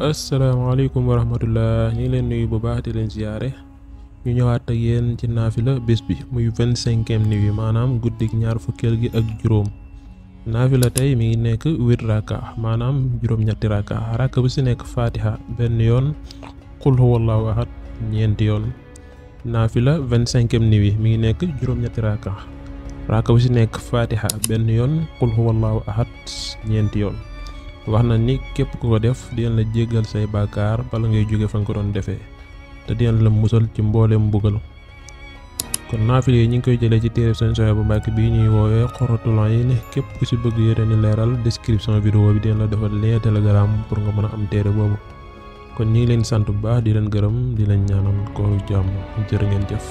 asalaamaaleykum wa rahmatullah ñu ngi leen nuyu bu baax di leen ziyaare ñu ñëwaat ak yéen ci naafi la bés bi muy vingt cinquième nuit bi maanaam guddik ñaar fukkeel gi ak juróom la tey mi ngi nekk huit raka maanaam juróom-ñetti raka raka bu si nekk fatiha benn yoon qul huwallahu ahad ñeenti yoon naafila vingt cinquième nuit bi mi ngi nekk juróom-ñetti bu si nekk fatiha benn yoon qul huwallahu ñeenti yoon wax na ni képp ku ko def dina la jéggal say bakar bala ngay jóge fa ko doon defee te dina la musal ci mbooleem mbugal kon naafile yi ñi ngi koy jëlee ci téere seen soyo bu mbàkk bi ñuy woowee xoratul ayni képp ku si bëgg yeneen ni leeral description vidéo bi dina la defal lien telegram pour nga mën a am téere boobu kon ñi leen sant bu baax di leen gërëm di leen ñaanal ko jàmm jërë ngeen jëf